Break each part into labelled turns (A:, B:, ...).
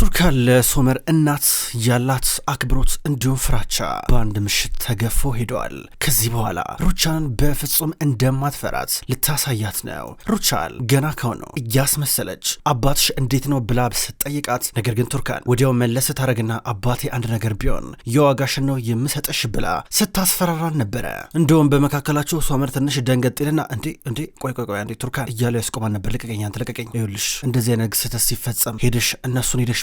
A: ቱርካን ለሶመር እናት ያላት አክብሮት እንዲሁም ፍራቻ በአንድ ምሽት ተገፎ ሄደዋል። ከዚህ በኋላ ሩቻን በፍጹም እንደማትፈራት ልታሳያት ነው። ሩቻል ገና ከሆነ እያስመሰለች አባትሽ እንዴት ነው ብላ ስትጠይቃት፣ ነገር ግን ቱርካን ወዲያው መለስ ታደረግና አባቴ አንድ ነገር ቢሆን የዋጋሽን ነው የምሰጠሽ ብላ ስታስፈራራን ነበረ። እንደውም በመካከላቸው ሶመር ትንሽ ደንገጤልና እንዴ እንዴ ቆይ ቆይ ቆይ እንዴ ቱርካን እያለ ያስቆማን ነበር። ልቀቀኝ አንተ ልቀቀኝ፣ ይኸውልሽ እንደዚህ አይነት ሲፈጸም ሄደሽ እነሱን ሄደሽ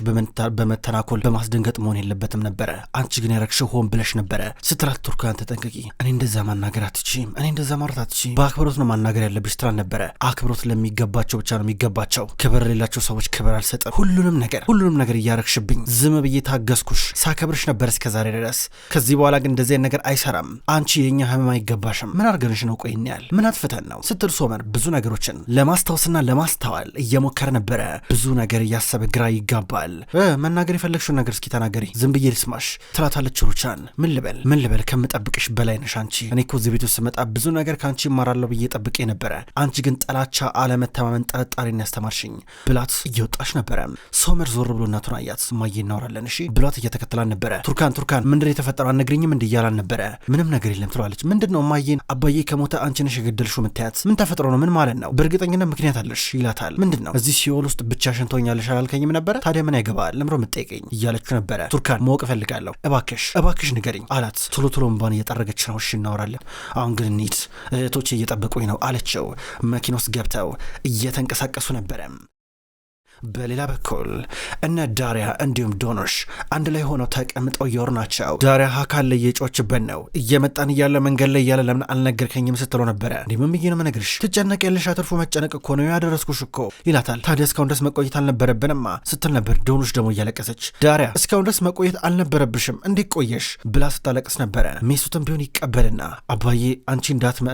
A: በመተናኮል በማስደንገጥ መሆን የለበትም ነበረ። አንቺ ግን የረክሽ ሆን ብለሽ ነበረ ስትላት ቱርካን ተጠንቀቂ፣ እኔ እንደዛ ማናገር አትችም፣ እኔ እንደዛ ማረት አትችም፣ በአክብሮት ነው ማናገር ያለብሽ ትላል ነበረ። አክብሮት ለሚገባቸው ብቻ ነው የሚገባቸው። ክብር ሌላቸው ሰዎች ክብር አልሰጥም። ሁሉንም ነገር ሁሉንም ነገር እያረክሽብኝ ዝም ብዬ ታገስኩሽ፣ ሳከብርሽ ነበር እስከ ዛሬ ድረስ። ከዚህ በኋላ ግን እንደዚህ ነገር አይሰራም። አንቺ የእኛ ህመም አይገባሽም። ምን አርገንሽ ነው? ቆይ ያል ምን አጥፍተን ነው ስትል ሶመር ብዙ ነገሮችን ለማስታወስና ለማስተዋል እየሞከረ ነበረ። ብዙ ነገር እያሰበ ግራ ይጋባል። መናገር የፈለግሽውን ነገር እስኪ ተናገሪ፣ ዝም ብዬ ልስማሽ ትላታለች ሩቻን። ምን ልበል ምን ልበል ከምጠብቅሽ በላይ ነሽ አንቺ። እኔ እኮ እዚህ ቤት ውስጥ ስመጣ ብዙ ነገር ከአንቺ ይማራለሁ ብዬ ጠብቄ ነበረ። አንቺ ግን ጠላቻ፣ አለመተማመን፣ ጥርጣሬን ያስተማርሽኝ ብላት እየወጣች ነበረ። ሶመር ዞር ብሎ እናቱን አያት። እማዬ እናወራለን እሺ ብሏት እየተከተላን ነበረ። ቱርካን ቱርካን ምንድን የተፈጠረው አነግርኝም እንዲ እያላን ነበረ። ምንም ነገር የለም ትሏለች። ምንድን ነው እማዬን አባዬ ከሞተ አንቺ ነሽ የገደልሽው ምታያት ምን ተፈጥሮ ነው ምን ማለት ነው? በእርግጠኝነት ምክንያት አለሽ ይላታል። ምንድን ነው እዚህ ሲኦል ውስጥ ብቻሽን ትሆኛለሽ አላልከኝም ነበረ ታዲያ ምን ያገባል ለምሮ የምጠይቀኝ እያለች ነበረ። ቱርካን ማወቅ እፈልጋለሁ እባክሽ እባክሽ ንገሪኝ አላት። ቶሎ ቶሎ እንባን እየጠረገች ነው። እሺ እናወራለን፣ አሁን ግን እንሂድ፣ እህቶቼ እየጠበቁኝ ነው አለችው። መኪና ውስጥ ገብተው እየተንቀሳቀሱ ነበረ። በሌላ በኩል እነ ዳሪያ እንዲሁም ዶኖሽ አንድ ላይ ሆነው ተቀምጠው እየወሩ ናቸው። ዳሪያ ሀካል ላይ እየጮችበት ነው። እየመጣን እያለ መንገድ ላይ እያለ ለምን አልነገርከኝም ስትለው ነበረ። እንዲህ ምን ብዬ ነው መነግርሽ? ትጨነቅ የለሽ አትርፎ መጨነቅ እኮ ነው ያደረስኩሽ እኮ ይላታል። ታዲያ እስካሁን ድረስ መቆየት አልነበረብንማ ስትል ነበር። ዶኖሽ ደግሞ እያለቀሰች ዳሪያ እስካሁን ድረስ መቆየት አልነበረብሽም እንዴት ቆየሽ ብላ ስታለቅስ ነበረ። ሜሱትም ቢሆን ይቀበልና አባዬ አንቺ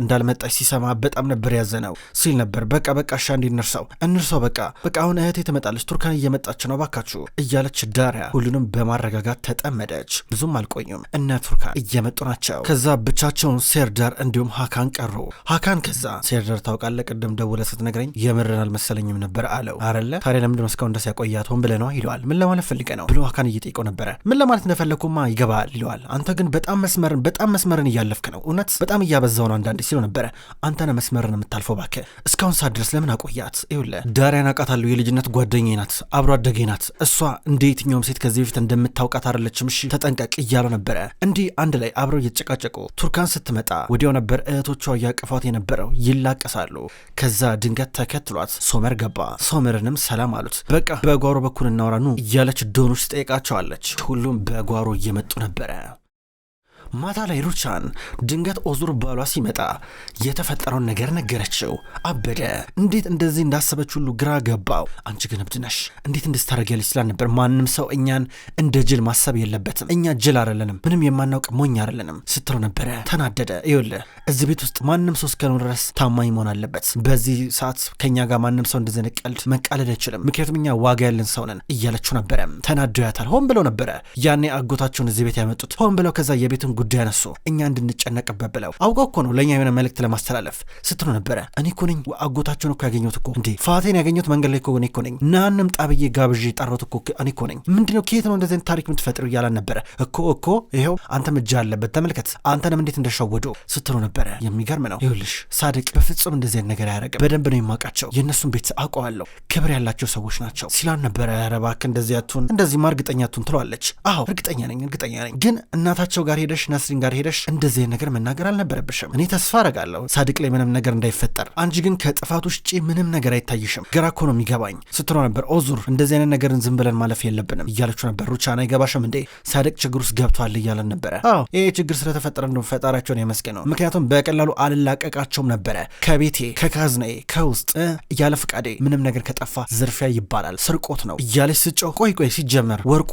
A: እንዳልመጣሽ ሲሰማ በጣም ነበር ያዘነው ሲል ነበር። በቃ በቃ እሺ እንዲነርሰው እንርሰው በቃ በቃ አሁን እህቴ ትመጣለች፣ ቱርካን እየመጣች ነው ባካችሁ እያለች ዳሪያ ሁሉንም በማረጋጋት ተጠመደች። ብዙም አልቆዩም እነ ቱርካን እየመጡ ናቸው። ከዛ ብቻቸውን ሴርዳር እንዲሁም ሀካን ቀሩ። ሀካን ከዛ ሴርዳር ታውቃለህ፣ ቅድም ደውለህ ስትነግረኝ የምርን አልመሰለኝም ነበር አለው። አረለ ታዲያ ለምንድን ነው እስካሁን ደስ ያቆያት? ሆን ብለህ ነዋ ይለዋል። ምን ለማለት ፈልገ ነው ብሎ ሀካን እየጠየቀው ነበረ። ምን ለማለት እንደፈለግኩማ ይገባል ይለዋል። አንተ ግን በጣም መስመርን በጣም መስመርን እያለፍክ ነው፣ እውነት በጣም እያበዛው ነው አንዳንዴ ሲለው ነበረ። አንተነ መስመርን የምታልፈው እባክህ፣ እስካሁን ሳትደርስ ለምን አቆያት? ይኸውልህ ዳሪያን አውቃታለሁ የልጅነት ጓ ጓደኛ ናት፣ አብሮ አደጌ ናት። እሷ እንደ የትኛውም ሴት ከዚህ በፊት እንደምታውቃት አይደለችም፣ እሺ ተጠንቀቅ እያሉ ነበረ። እንዲህ አንድ ላይ አብረው እየተጨቃጨቁ ቱርካን ስትመጣ ወዲያው ነበር እህቶቿ እያቅፏት የነበረው። ይላቀሳሉ። ከዛ ድንገት ተከትሏት ሶመር ገባ። ሶመርንም ሰላም አሉት። በቃ በጓሮ በኩል እናውራኑ እያለች ዶኖች ትጠይቃቸዋለች። ሁሉም በጓሮ እየመጡ ነበረ። ማታ ላይ ሩቻን ድንገት ኦዙር ባሏ ሲመጣ የተፈጠረውን ነገር ነገረችው። አበደ። እንዴት እንደዚህ እንዳሰበች ሁሉ ግራ ገባው። አንቺ ግን እብድ ነሽ፣ እንዴት እንድስታደረጊያለች ስላል ነበር። ማንም ሰው እኛን እንደ ጅል ማሰብ የለበትም። እኛ ጅል አይደለንም፣ ምንም የማናውቅ ሞኝ አይደለንም ስትለው ነበረ። ተናደደ። ይኸውልህ እዚህ ቤት ውስጥ ማንም ሰው እስከኖር ድረስ ታማኝ መሆን አለበት። በዚህ ሰዓት ከኛ ጋር ማንም ሰው እንደዚህ ቀልድ መቃለድ አይችልም፣ ምክንያቱም እኛ ዋጋ ያለን ሰው ነን እያለችው ነበረ። ተናደው ያታል። ሆን ብለው ነበረ ያኔ አጎታቸውን እዚህ ቤት ያመጡት ሆን ብለው። ከዛ የቤቱን ጉዳይ አነሱ እኛ እንድንጨነቅበት ብለው አውቀው እኮ ነው ለእኛ የሆነ መልእክት ለማስተላለፍ ስትሉ ነበረ። እኔ እኮ ነኝ አጎታቸውን እኮ ያገኘሁት እኮ እንዴ ፋቴን ያገኘሁት መንገድ ላይ እኮ እኔ እኮ ነኝ ናንም ጣብዬ ጋብዤ ጠራሁት እኮ እኔ እኮ ነኝ። ምንድነው ከየት ነው እንደዚህ ታሪክ የምትፈጥሩ እያላን ነበረ እኮ እኮ ይኸው አንተም እጅ አለበት ተመልከት፣ አንተንም እንዴት እንደሸወዱ ስትሉ ነበር ነበረ። የሚገርም ነው። ይኸውልሽ ሳድቅ በፍጹም እንደዚህ አይነት ነገር አያረቅም። በደንብ ነው የማውቃቸው፣ የእነሱን ቤት አውቀዋለሁ። ክብር ያላቸው ሰዎች ናቸው ሲላን ነበረ። ኧረ እባክህ እንደዚህ አትሁን፣ እንደዚህማ እርግጠኛ አትሁን ትለዋለች። አዎ እርግጠኛ ነኝ፣ እርግጠኛ ነኝ። ግን እናታቸው ጋር ሄደሽ ናስሪን ጋር ሄደሽ እንደዚህ ነገር መናገር አልነበረብሽም። እኔ ተስፋ አረጋለሁ ሳድቅ ላይ ምንም ነገር እንዳይፈጠር፣ አንቺ ግን ከጥፋት ውጭ ምንም ነገር አይታይሽም። ግራ እኮ ነው የሚገባኝ ስትለው ነበር። ኦዙር እንደዚህ አይነት ነገርን ዝም ብለን ማለፍ የለብንም እያለችው ነበር። ሩቻና አይገባሽም እንዴ ሳድቅ ችግር ውስጥ ገብቷል እያለን ነበረ። አዎ ይህ ችግር ስለተፈጠረ እንደውም ፈጣሪያቸውን የመስገን ነው ምክንያቱም ምክንያቱም በቀላሉ አልላቀቃቸውም ነበረ። ከቤቴ ከካዝናዬ ከውስጥ እያለ ፈቃዴ ምንም ነገር ከጠፋ ዝርፊያ ይባላል፣ ስርቆት ነው እያለች ስጮህ፣ ቆይ ቆይ ሲጀመር ወርቁ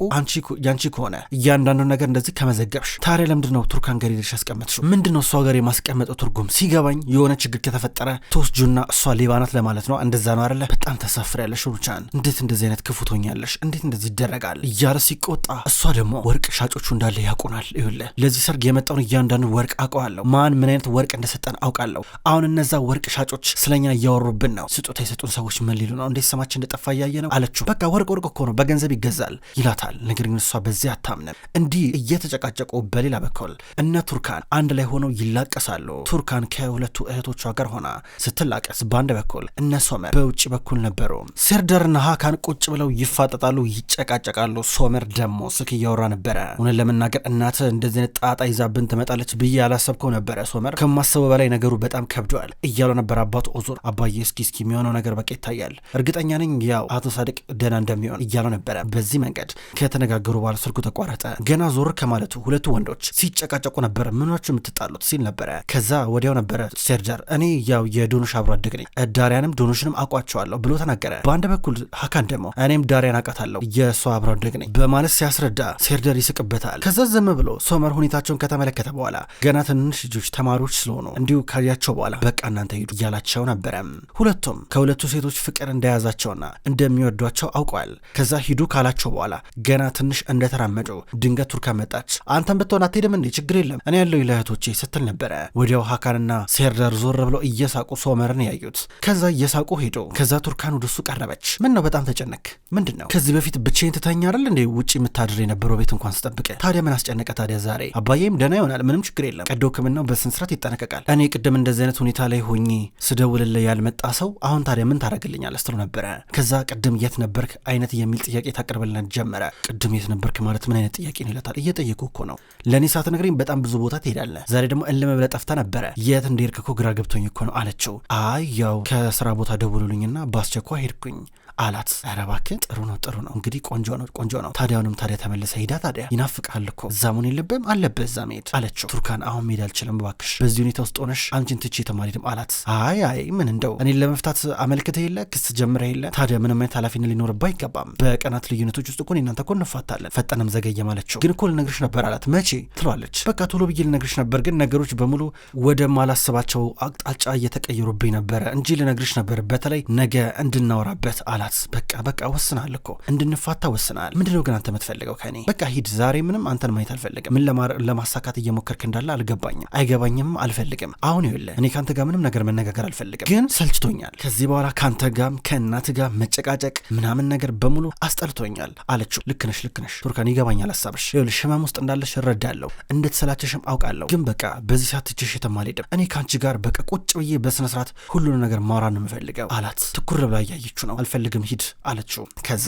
A: ያንቺ ከሆነ እያንዳንዱ ነገር እንደዚህ ከመዘገብሽ ታዲያ ለምንድን ነው ቱርካን ገር ሄደሽ ያስቀመጥሽው? ምንድን ነው እሷ ጋር የማስቀመጠው ትርጉም ሲገባኝ የሆነ ችግር ከተፈጠረ ተወስጁና እሷ ሌባ ለማለት ነው። እንደዛ ነው አለ። በጣም ያለሽ ሩቻን። እንዴት እንደዚህ አይነት ክፉ ትሆኛለሽ? እንዴት እንደዚህ ይደረጋል? እያለ ሲቆጣ፣ እሷ ደግሞ ወርቅ ሻጮቹ እንዳለ ያቁናል ይኸውልህ ለዚህ ሰርግ የመጣውን እያንዳንዱ ወርቅ አውቀዋለሁ ማን ምን አይነት ወርቅ እንደሰጠን አውቃለሁ። አሁን እነዛ ወርቅ ሻጮች ስለኛ እያወሩብን ነው። ስጦታ የሰጡን ሰዎች ምን ሊሉ ነው? እንዴት ስማችን እንደጠፋ እያየ ነው አለችው። በቃ ወርቅ ወርቅ እኮ ነው በገንዘብ ይገዛል ይላታል። ነገር ግን እሷ በዚህ አታምንም። እንዲህ እየተጨቃጨቁ በሌላ በኩል እነ ቱርካን አንድ ላይ ሆነው ይላቀሳሉ። ቱርካን ከሁለቱ እህቶቿ ጋር ሆና ስትላቀስ፣ በአንድ በኩል እነ ሶመር በውጭ በኩል ነበሩ። ሴርደርና ሀካን ቁጭ ብለው ይፋጠጣሉ፣ ይጨቃጨቃሉ። ሶመር ደግሞ ስልክ እያወራ ነበረ። እውነት ለመናገር እናት እንደዚህ ጣጣ ይዛብን ትመጣለች ብዬ አላሰብከው ነበረ ሶመር ሲጀመር ከማሰበ በላይ ነገሩ በጣም ከብደዋል እያሉ ነበር አባቱ ኦዞር። አባዬ እስኪ እስኪ የሚሆነው ነገር በቃ ይታያል፣ እርግጠኛ ነኝ ያው አቶ ሳድቅ ደህና እንደሚሆን እያሉ ነበረ። በዚህ መንገድ ከተነጋገሩ በኋላ ስልኩ ተቋረጠ። ገና ዞር ከማለቱ ሁለቱ ወንዶች ሲጨቃጨቁ ነበረ። ምናችሁ የምትጣሉት ሲል ነበረ። ከዛ ወዲያው ነበረ ሴርዳር እኔ ያው የዶኖሽ አብሮ አደግ ነኝ ዳሪያንም ዶኖሽንም አውቋቸዋለሁ ብሎ ተናገረ። በአንድ በኩል ሀካን ደግሞ እኔም ዳሪያን አውቃታለሁ የእሷ አብሮ አደግ ነኝ በማለት ሲያስረዳ ሴርደር ይስቅበታል። ከዛ ዘም ብሎ ሶመር ሁኔታቸውን ከተመለከተ በኋላ ገና ትንንሽ ልጆች ተማሩ ተማሪዎች ስለሆኑ እንዲሁ ካያቸው በኋላ በቃ እናንተ ሂዱ እያላቸው ነበረ። ሁለቱም ከሁለቱ ሴቶች ፍቅር እንደያዛቸውና እንደሚወዷቸው አውቀዋል። ከዛ ሂዱ ካላቸው በኋላ ገና ትንሽ እንደተራመዱ ድንገት ቱርካ መጣች። አንተን ብትሆን አትሄድም እንዴ? ችግር የለም እኔ ያለው ለእህቶቼ ስትል ነበረ። ወዲያው ሀካንና ሴርደር ዞር ብለው እየሳቁ ሶመርን ያዩት። ከዛ እየሳቁ ሄዱ። ከዛ ቱርካን ወደሱ ቀረበች። ምን ነው በጣም ተጨነክ? ምንድን ነው ከዚህ በፊት ብቻዬን ትተኛ አይደል እንዴ ውጭ የምታድር የነበረው ቤት እንኳን ስጠብቀ ታዲያ ምን አስጨነቀ ታዲያ ዛሬ? አባዬም ደህና ይሆናል ምንም ችግር የለም ቀዶ ህክምናው በስንስራ ለመስራት ይጠነቀቃል። እኔ ቅድም እንደዚህ አይነት ሁኔታ ላይ ሆኜ ስደውልልህ ያልመጣ ሰው አሁን ታዲያ ምን ታደርግልኛለህ ስትሎ ነበረ። ከዛ ቅድም የት ነበርክ አይነት የሚል ጥያቄ ታቀርበልናት ጀመረ። ቅድም የት ነበርክ ማለት ምን አይነት ጥያቄ ነው ይላታል። እየጠየቁ እኮ ነው ለእኔ ሳትነግረኝ በጣም ብዙ ቦታ ትሄዳለህ። ዛሬ ደግሞ እልም ብለህ ጠፍታ ነበረ። የት እንደሄድክ እኮ ግራ ገብቶኝ እኮ ነው አለችው። አይ ያው ከስራ ቦታ ደውሉልኝና በአስቸኳይ ሄድኩኝ አላት። ኧረ እባክህ ጥሩ ነው ጥሩ ነው እንግዲህ ቆንጆ ነው ቆንጆ ነው። ታዲያውንም ታዲያ ተመለሰ ሂዳ ታዲያ ይናፍቃል እኮ እዛ መሆን የለብህም አለብህ እዛ መሄድ አለችው። ቱርካን አሁን መሄድ አልችልም እባክሽ በዚህ ሁኔታ ውስጥ ሆነሽ አንቺን ትቼ የተማሪድም አላት። አይ አይ ምን እንደው እኔን ለመፍታት አመልክተ የለ ክስ ጀምረ የለ ታዲያ ምንም አይነት ኃላፊነት ሊኖርብህ አይገባም። በቀናት ልዩነቶች ውስጥ እኮ እናንተ እኮ እንፋታለን ፈጠነም ዘገየ ማለችው። ግን እኮ ልነግርሽ ነበር አላት። መቼ ትሏለች። በቃ ቶሎ ብዬ ልነግርሽ ነበር ግን ነገሮች በሙሉ ወደ ወደማላስባቸው አቅጣጫ እየተቀየሩብኝ ነበረ እንጂ ልነግርሽ ነበር በተለይ ነገ እንድናወራበት አላት። ናት። በቃ በቃ ወስናል እኮ እንድንፋታ ወስናል። ምንድነው ግን አንተ የምትፈልገው ከኔ? በቃ ሂድ። ዛሬ ምንም አንተን ማየት አልፈልግም። ምን ለማሳካት እየሞከርክ እንዳለ አልገባኝም፣ አይገባኝም፣ አልፈልግም። አሁን ይኸውልህ እኔ ከአንተ ጋር ምንም ነገር መነጋገር አልፈልግም፣ ግን ሰልችቶኛል። ከዚህ በኋላ ከአንተ ጋም ከእናት ጋር መጨቃጨቅ ምናምን ነገር በሙሉ አስጠልቶኛል አለችው። ልክነሽ ልክነሽ ቱርካን ይገባኛል ሀሳብሽ። ይኸውልሽ ህመም ውስጥ እንዳለሽ እረዳለሁ፣ እንደተሰላቸሽም አውቃለሁ፣ ግን በቃ በዚህ ሰዓት ትችሽ የትም አልሄድም። እኔ ከአንቺ ጋር በቃ ቁጭ ብዬ በስነስርዓት ሁሉንም ነገር ማውራ ነው የምፈልገው አላት። ትኩር ብላ እያየችው ነው። አልፈልግም ዳግም ሂድ አለችው። ከዛ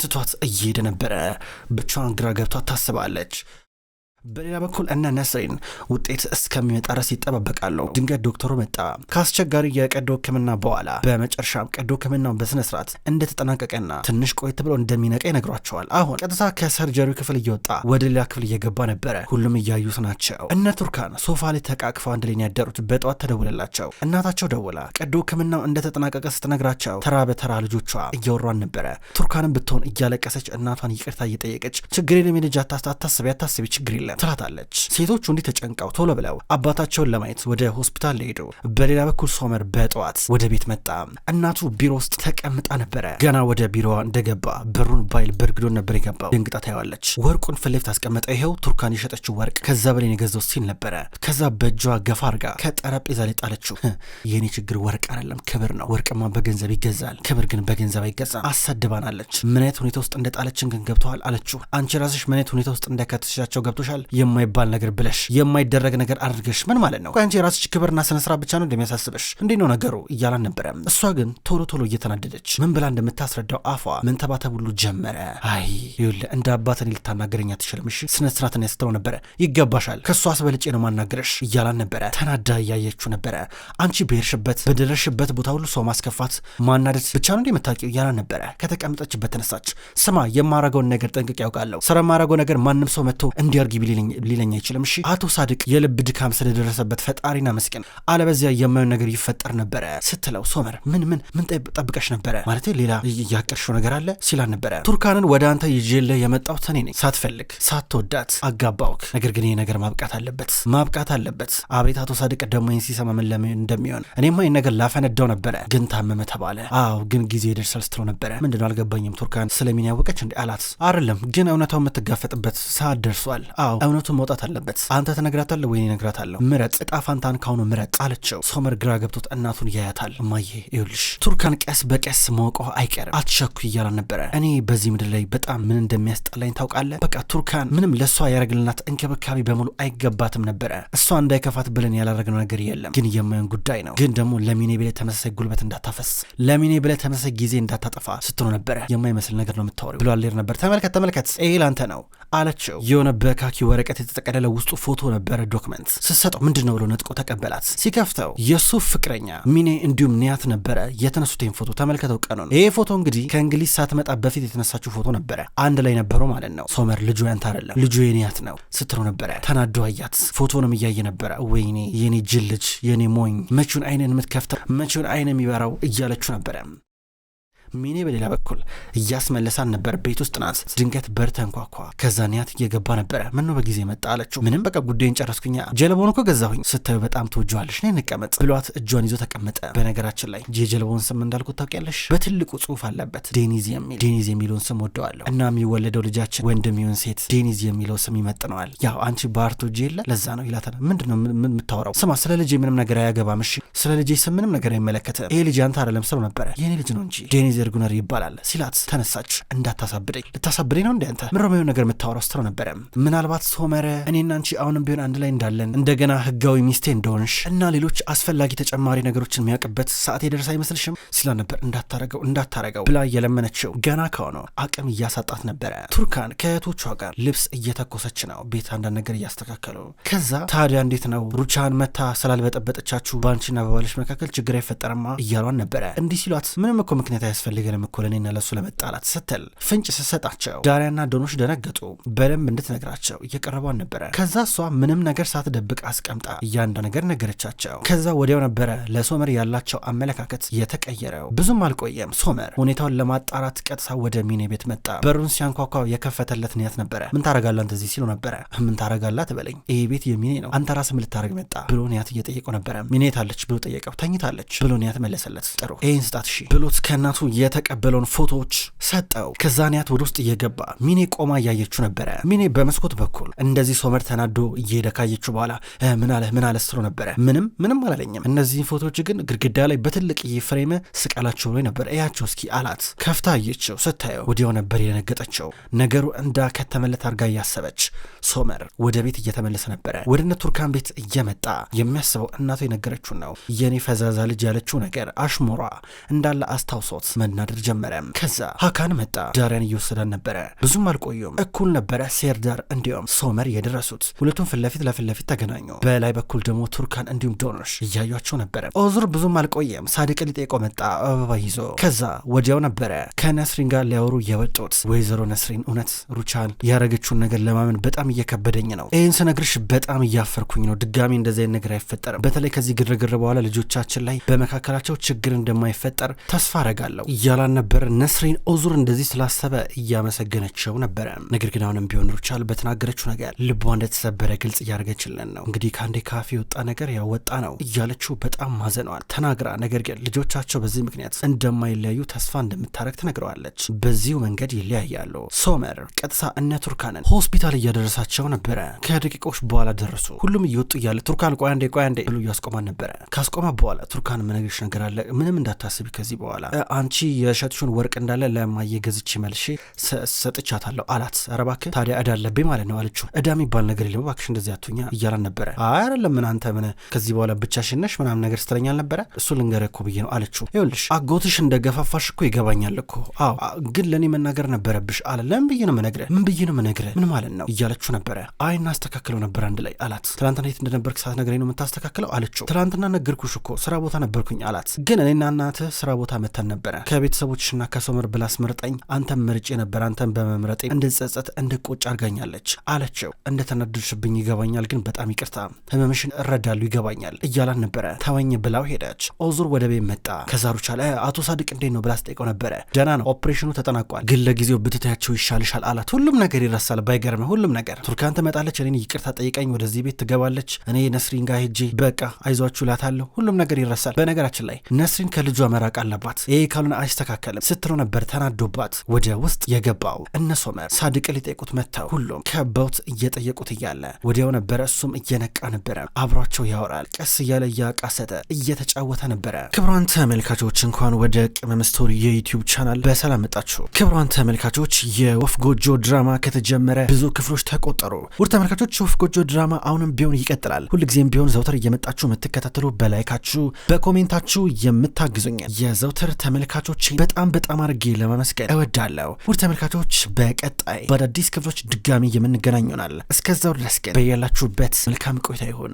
A: ትቷት እየሄደ ነበረ። ብቻዋን ግራ ገብቷት ታስባለች። በሌላ በኩል እነ ነስሪን ውጤት እስከሚመጣ ድረስ ይጠባበቃሉ። ድንገት ዶክተሩ መጣ። ከአስቸጋሪ የቀዶ ሕክምና በኋላ በመጨረሻም ቀዶ ሕክምናው በስነስርዓት እንደተጠናቀቀና ትንሽ ቆየት ብሎ እንደሚነቃ ይነግሯቸዋል። አሁን ቀጥታ ከሰርጀሪ ክፍል እየወጣ ወደ ሌላ ክፍል እየገባ ነበረ። ሁሉም እያዩት ናቸው። እነ ቱርካን ሶፋ ላይ ተቃቅፈው አንድ ላይ ያደሩት። በጠዋት ተደውለላቸው እናታቸው ደውላ ቀዶ ሕክምናው እንደተጠናቀቀ ስትነግራቸው ተራ በተራ ልጆቿ እያወሯን ነበረ። ቱርካንም ብትሆን እያለቀሰች እናቷን ይቅርታ እየጠየቀች ችግር የለም የልጅ አታስቢ አታስቢ ችግር የለም ትላታለች። ሴቶቹ እንዲህ ተጨንቀው ቶሎ ብለው አባታቸውን ለማየት ወደ ሆስፒታል ሄዱ። በሌላ በኩል ሶመር በጠዋት ወደ ቤት መጣ። እናቱ ቢሮ ውስጥ ተቀምጣ ነበረ። ገና ወደ ቢሮዋ እንደገባ በሩን ባይል በርግዶን ነበር የገባው። ደንግጣ ታየዋለች። ወርቁን ፊት ለፊት አስቀመጠ። ይኸው ቱርካን የሸጠችው ወርቅ ከዛ በላይ የገዛው ሲል ነበረ። ከዛ በእጇ ገፋ አርጋ ከጠረጴዛ ላይ ጣለችው። የእኔ ችግር ወርቅ አይደለም ክብር ነው። ወርቅማ በገንዘብ ይገዛል፣ ክብር ግን በገንዘብ አይገዛም። አሳድባናለች። ምን አይነት ሁኔታ ውስጥ እንደጣለችን ግን ገብተዋል አለችው። አንቺ ራስሽ ምን አይነት ሁኔታ ውስጥ እንደከተሻቸው ገብቶሻል ይመስልሻል? የማይባል ነገር ብለሽ የማይደረግ ነገር አድርገሽ ምን ማለት ነው? ከአንቺ የራስሽ ክብርና ስነስራ ብቻ ነው እንደሚያሳስብሽ እንዴ ነው ነገሩ እያላን ነበረ። እሷ ግን ቶሎ ቶሎ እየተናደደች ምን ብላ እንደምታስረዳው አፏ መንተባተብ ሁሉ ጀመረ። አይ ይውል እንደ አባትን ልታናገረኝ አትችልም። እሺ ስነስርዓትን ያስተው ነበረ። ይገባሻል። ከእሷ አስበልጬ ነው ማናገረሽ እያላን ነበረ። ተናዳ እያየችው ነበረ። አንቺ ብሄርሽበት በደረሽበት ቦታ ሁሉ ሰው ማስከፋት ማናደድ ብቻ ነው እንደ የምታውቂው እያላን ነበረ። ከተቀመጠችበት ተነሳች። ስማ የማረገውን ነገር ጠንቅቅ ያውቃለሁ። ስራ ነገር ማንም ሰው መጥቶ እንዲያርግ ሊለኝ አይችልም። እሺ አቶ ሳድቅ የልብ ድካም ስለደረሰበት ፈጣሪና መስገን፣ አለበዚያ የማየውን ነገር ይፈጠር ነበረ ስትለው ሶመር ምን ምን ምን ጠብቀሽ ነበረ ማለት ሌላ ያቀርሽው ነገር አለ ሲላን ነበረ። ቱርካንን ወደ አንተ ይዤልህ የመጣው እኔ ነኝ። ሳትፈልግ ሳትወዳት አጋባውክ። ነገር ግን ይህ ነገር ማብቃት አለበት ማብቃት አለበት። አቤት አቶ ሳድቅ ደግሞ ይህን ሲሰማ ምን ለምን እንደሚሆን እኔማ ይህን ነገር ላፈነዳው ነበረ፣ ግን ታመመ ተባለ። አዎ ግን ጊዜ ይደርሳል ስትለው ነበረ። ምንድነው አልገባኝም። ቱርካን ስለሚን ያወቀች እንዲ አላት። አይደለም ግን እውነታው የምትጋፈጥበት ሰዓት ደርሷል። አዎ እውነቱን መውጣት አለበት። አንተ ትነግራታለህ ወይ እነግራታለሁ፣ ምረጥ፣ እጣ ፋንታን ካሁኑ ምረጥ አለችው። ሶመር ግራ ገብቶት እናቱን ያያታል። እማዬ ይኸውልሽ ቱርካን ቀስ በቀስ ማወቋ አይቀርም፣ አትሸኩ እያላል ነበረ። እኔ በዚህ ምድር ላይ በጣም ምን እንደሚያስጠላኝ ታውቃለህ? በቃ ቱርካን ምንም ለእሷ ያደረግልናት እንክብካቤ በሙሉ አይገባትም ነበረ። እሷ እንዳይከፋት ብለን ያላደረግነው ነገር የለም፣ ግን የማየን ጉዳይ ነው። ግን ደግሞ ለሚኔ ብለህ ተመሳሳይ ጉልበት እንዳታፈስ፣ ለሚኔ ብለህ ተመሳሳይ ጊዜ እንዳታጠፋ ስትኖ ነበረ። የማይመስል ነገር ነው የምታወሪው ብሎ አሌር ነበር። ተመልከት ተመልከት፣ ይሄ ላንተ ነው አለችው። የሆነ በካኪ ወረቀት የተጠቀለለ ውስጡ ፎቶ ነበረ ዶክመንት። ስትሰጠው ምንድን ነው ብሎ ነጥቆ ተቀበላት። ሲከፍተው የእሱ ፍቅረኛ ሚኔ እንዲሁም ኒያት ነበረ የተነሱትን ፎቶ ተመልከተው። ቀኑን ይሄ ፎቶ እንግዲህ ከእንግሊዝ ሳትመጣ በፊት የተነሳችው ፎቶ ነበረ። አንድ ላይ ነበሩ ማለት ነው። ሶመር ልጁ ያንተ አይደለም ልጁ የኒያት ነው ስትለው ነበረ። ተናዶ አያት። ፎቶንም እያየ ነበረ። ወይኔ የኔ ጅል ልጅ የኔ ሞኝ መቼውን አይንን የምትከፍተው መቼውን አይን የሚበራው እያለችው ነበረ። ሚኔ በሌላ በኩል እያስመለሳን ነበር። ቤት ውስጥ ናት። ድንገት በር ተንኳኳ። ከዛ ኒያት እየገባ ነበረ። ምነው በጊዜ መጣ አለችው። ምንም በቃ ጉዳይን ጨረስኩኛ። ጀለቦን እኮ ገዛሁኝ፣ ስታዩ በጣም ትወጀዋለሽ ነ ንቀመጥ ብሏት እጇን ይዞ ተቀመጠ። በነገራችን ላይ የጀለቦን ስም እንዳልኩ ታውቂያለሽ፣ በትልቁ ጽሁፍ አለበት ዴኒዝ የሚል ዴኒዝ የሚለውን ስም ወደዋለሁ እና የሚወለደው ልጃችን ወንድም ይሁን ሴት ዴኒዝ የሚለው ስም ይመጥነዋል። ያው አንቺ ባህርቱ እጅ የለ ለዛ ነው ይላታል። ምንድነው የምታወራው? ስማ ስለ ልጄ ምንም ነገር አያገባም። እሺ ስለ ልጄ ስም ምንም ነገር አይመለከትም። ይሄ ልጅ አንተ አይደለም ስለው ነበረ የኔ ልጅ ነው እንጂ ዴኒዝ ሌዘር ጉነር ይባላል ሲላት ተነሳች። እንዳታሳብደኝ ልታሳብደኝ ነው እንዴ አንተ ምን ነገር የምታወራው ስትለው ነበረ። ምናልባት ሶመረ እኔና አንቺ አሁንም ቢሆን አንድ ላይ እንዳለን እንደገና ህጋዊ ሚስቴ እንደሆንሽ እና ሌሎች አስፈላጊ ተጨማሪ ነገሮችን የሚያውቅበት ሰዓት የደረሰ አይመስልሽም ሲላ ነበር። እንዳታረገው እንዳታረገው ብላ እየለመነችው ገና ከሆነ አቅም እያሳጣት ነበረ። ቱርካን ከእህቶቿ ጋር ልብስ እየተኮሰች ነው፣ ቤት አንዳንድ ነገር እያስተካከሉ ከዛ ታዲያ እንዴት ነው ሩቻን መታ ስላልበጠበጠቻችሁ በአንቺና በባልሽ መካከል ችግር አይፈጠርማ እያሏን ነበረ። እንዲህ ሲሏት ምንም እኮ ምክንያት አያስፈ አያስፈልገንም እኮ ለእኔና ለእሱ ለመጣላት ስትል ፍንጭ ስሰጣቸው ዳሪያና ዶኖች ደነገጡ። በደንብ እንድትነግራቸው እየቀረቧን ነበረ። ከዛ እሷ ምንም ነገር ሳትደብቅ አስቀምጣ እያንዳ ነገር ነገረቻቸው። ከዛ ወዲያው ነበረ ለሶመር ያላቸው አመለካከት የተቀየረው። ብዙም አልቆየም። ሶመር ሁኔታውን ለማጣራት ቀጥታ ወደ ሚኔ ቤት መጣ። በሩን ሲያንኳኳ የከፈተለት ንያት ነበረ። ምን ታረጋላ እንደዚህ ሲሉ ነበረ። ምን ታረጋላ ትበለኝ፣ ይሄ ቤት የሚኔ ነው፣ አንተ ራስ ምን ልታደርግ መጣ ብሎ ንያት እየጠየቀው ነበረ። ሚኔ የታለች ብሎ ጠየቀው። ተኝታለች ብሎ ንያት መለሰለት። ጥሩ ይህን ስጣት እሺ ብሎት ከእናቱ የተቀበለውን ፎቶዎች ሰጠው። ከዛንያት ወደ ውስጥ እየገባ ሚኔ ቆማ እያየችው ነበረ። ሚኔ በመስኮት በኩል እንደዚህ ሶመር ተናዶ እየሄደ ካየችው በኋላ ምን አለ ምን አለ ስትሎ ነበረ። ምንም ምንም አላለኝም። እነዚህን ፎቶዎች ግን ግድግዳ ላይ በትልቅ ፍሬም ስቀላቸው ብሎ ነበረ። እያቸው እስኪ አላት። ከፍታ አየችው። ስታየው ወዲያው ነበር የደነገጠችው። ነገሩ እንዳከተመለት አድርጋ እያሰበች ሶመር ወደ ቤት እየተመለሰ ነበረ። ወደ እነ ቱርካን ቤት እየመጣ የሚያስበው እናቱ የነገረችው ነው። የኔ ፈዛዛ ልጅ ያለችው ነገር አሽሙሯ እንዳለ አስታውሶት መናደር ጀመረ። ከዛ ሀካን መጣ። ዳሪያን እየወሰዳን ነበረ። ብዙም አልቆዩም። እኩል ነበረ ሴርዳር እንዲሁም ሶመር የደረሱት። ሁለቱም ፊት ለፊት ለፊት ተገናኙ። በላይ በኩል ደግሞ ቱርካን እንዲሁም ዶኖሽ እያዩቸው ነበረ። ኦዙር ብዙም አልቆየም። ሳድቅ ሊጤቆ መጣ አበባ ይዞ። ከዛ ወዲያው ነበረ ከነስሪን ጋር ሊያወሩ የወጡት። ወይዘሮ ነስሪን እውነት ሩቻን ያረገችውን ነገር ለማመን በጣም እየከበደኝ ነው። ይህን ስነግርሽ በጣም እያፈርኩኝ ነው። ድጋሚ እንደዚህ አይነት ነገር አይፈጠርም። በተለይ ከዚህ ግርግር በኋላ ልጆቻችን ላይ በመካከላቸው ችግር እንደማይፈጠር ተስፋ አረጋለሁ እያላን ነበር። ነስሪን ኦዙር እንደዚህ ስላሰበ እያመሰገነችው ነበረ። ነገር ግን አሁንም ቢሆን ሩቻል በተናገረችው ነገር ልቧ እንደተሰበረ ግልጽ እያደረገችልን ነው። እንግዲህ ከአንዴ ካፌ የወጣ ነገር ያው ወጣ ነው እያለችው በጣም ማዘነዋል ተናግራ። ነገር ግን ልጆቻቸው በዚህ ምክንያት እንደማይለያዩ ተስፋ እንደምታደረግ ተነግረዋለች። በዚሁ መንገድ ይለያያሉ። ሶመር ቀጥታ እነ ቱርካንን ሆስፒታል እያደረሳቸው ነበረ። ከደቂቃዎች በኋላ ደረሱ። ሁሉም እየወጡ እያለ ቱርካን ቆይ አንዴ ቆይ አንዴ ብሎ እያስቆማን ነበረ። ካስቆማ በኋላ ቱርካን ምነግርሽ ነገር አለ፣ ምንም እንዳታስቢ ከዚህ በኋላ አንቺ የሸጥሹን ወርቅ እንዳለ ለማየ ገዝቼ መልሼ ሰጥቻታለሁ አላት። ኧረ እባክህ ታዲያ እዳ አለብኝ ማለት ነው አለችው። እዳ የሚባል ነገር የለም እባክሽ እንደዚህ አትሁኛ እያላን ነበረ። አይ አይደለም ምን አንተ ምን ከዚህ በኋላ ብቻሽን ነሽ ምናምን ነገር ስትለኝ አልነበረ እሱ ልንገርህ እኮ ብዬ ነው አለችው። ይኸውልሽ አጎትሽ እንደ ገፋፋሽ እኮ ይገባኛል እኮ አዎ፣ ግን ለእኔ መናገር ነበረብሽ አለ። ለምን ብዬ ነው መነግረህ ምን ብዬ ነው መነግረህ ምን ማለት ነው እያለችው ነበረ። አይ እናስተካክለው ነበር አንድ ላይ አላት። ትናንትና የት እንደነበርክ ሳትነግረኝ ነው የምታስተካክለው አለችው። ትላንትና ነገርኩሽ እኮ ስራ ቦታ ነበርኩኝ አላት። ግን እኔና እናትህ ስራ ቦታ መተን ነበረ ከቤተሰቦችና ከሶመር ብላ አስመርጠኝ አንተም ምርጭ ነበር። አንተም በመምረጤ እንድጸጸት እንድቆጭ አድርጋኛለች አለችው። እንደተናደድሽብኝ ይገባኛል፣ ግን በጣም ይቅርታ፣ ህመምሽን እረዳሉ ይገባኛል እያላን ነበረ። ተወኝ ብላው ሄደች። ኦዙር ወደ ቤት መጣ። ከዛሩ ቻለ አቶ ሳድቅ እንዴት ነው ብላ ስጠይቀው ነበረ። ደህና ነው፣ ኦፕሬሽኑ ተጠናቋል፣ ግን ለጊዜው ብትታያቸው ይሻልሻል አላት። ሁሉም ነገር ይረሳል፣ ባይገርም ሁሉም ነገር። ቱርካን ትመጣለች፣ እኔን ይቅርታ ጠይቀኝ ወደዚህ ቤት ትገባለች። እኔ ነስሪን ጋር ሄጄ በቃ አይዟችሁ ላታለሁ፣ ሁሉም ነገር ይረሳል። በነገራችን ላይ ነስሪን ከልጇ መራቅ አለባት። ይሄ ካሉን አይስተካከልም ስትለው ነበር ተናዶባት ወደ ውስጥ የገባው። እነ ሶመር ሳድቅ ሊጠይቁት መጥተው ሁሉም ከበውት እየጠየቁት እያለ ወዲያው ነበረ እሱም እየነቃ ነበረ። አብሯቸው ያወራል። ቀስ እያለ እያቃሰተ እየተጫወተ ነበረ። ክብሯን ተመልካቾች እንኳን ወደ ቅመም ስቶሪ የዩቲዩብ ቻናል በሰላም መጣችሁ። ክብሯን ተመልካቾች የወፍ ጎጆ ድራማ ከተጀመረ ብዙ ክፍሎች ተቆጠሩ። ውድ ተመልካቾች የወፍ ጎጆ ድራማ አሁንም ቢሆን ይቀጥላል። ሁልጊዜም ቢሆን ዘውተር እየመጣችሁ የምትከታተሉ በላይካችሁ በኮሜንታችሁ የምታግዙኝ የዘውተር ተመልካቾ ተመልካቾችን በጣም በጣም አድርጌ ለመመስገን እወዳለሁ። ውድ ተመልካቾች በቀጣይ በአዳዲስ ክፍሎች ድጋሚ የምንገናኝ ይሆናል። እስከዛው ድረስ ግን በያላችሁበት መልካም ቆይታ ይሁን።